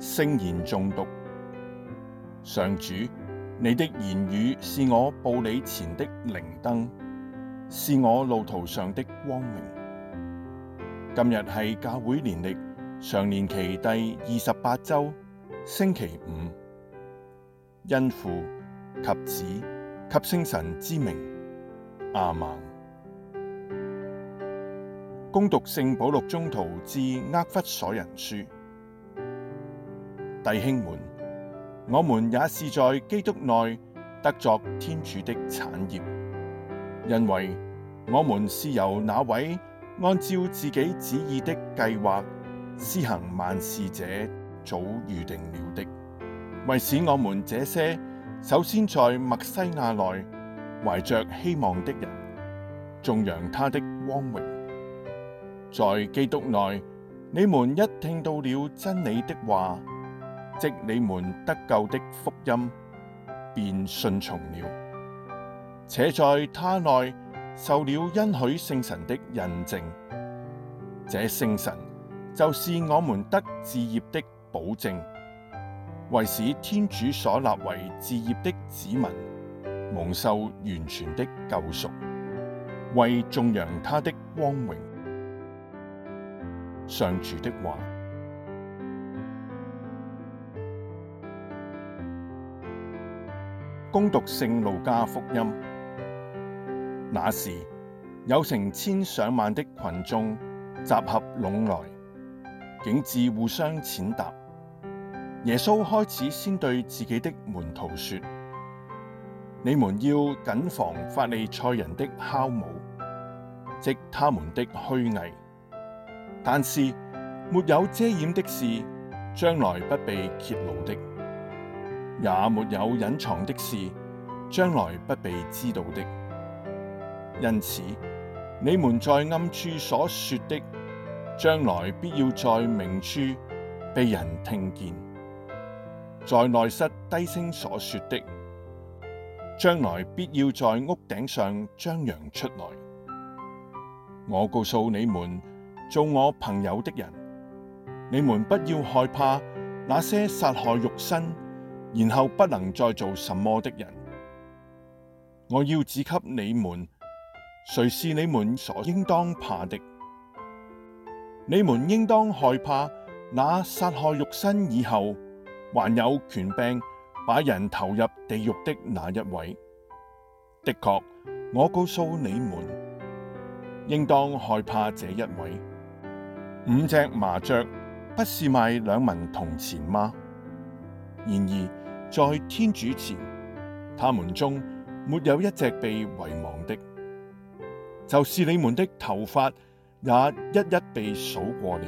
聖言誦讀。上主，你的言語是我步履前的靈燈，是我路途上的光明。今日係教會年曆常年期第二十八周星期五，因父及子及聖神之名，阿門。恭讀聖保祿宗徒致厄弗所人書。弟兄們，我們也是在基督內得作天主的產業，因為我們是由那位按照自己旨意的計劃施行萬事者早預定了的，為使我們這些首先在默西亞內懷着希望的人，頌揚他的光榮。在基督內，你們一聽到了真理的話。即你們得救的福音，便信從了，且在他內受了恩許聖神的印證。這聖神就是我們得嗣業的保證，為使天主所立為嗣業的子民，蒙受完全的救贖，為頌揚他的光榮。上主的話。恭讀《聖路加福音》，那時，有成千上萬的群眾集合攏來，竟至互相踐踏。耶穌開始先對自己的門徒說：你們要謹防法利賽人的酵母，即他們的虛偽。但是，沒有遮掩的事，將來不被揭露的。也沒有隱藏的事，將來不被知道的。因此，你們在暗處所說的，將來必要在明處被人聽見；在內室低聲所說的，將來必要在屋頂上張揚出來。我告訴你們，做我朋友的人，你們不要害怕那些殺害肉身。然後不能再做什麼的人，我要指給你們，誰是你們所應當怕的？你們應當害怕那殺害肉身以後，還有權柄把人投入地獄的那一位。的確，我告訴你們，應當害怕這一位。五隻麻雀不是賣兩文銅錢嗎？然而，在天主前，他們中沒有一隻被遺忘的，就是你們的頭髮也一一被數過了。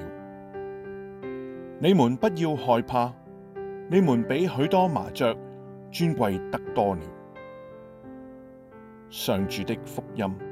你們不要害怕，你們比許多麻雀尊貴得多了。—上主的福音。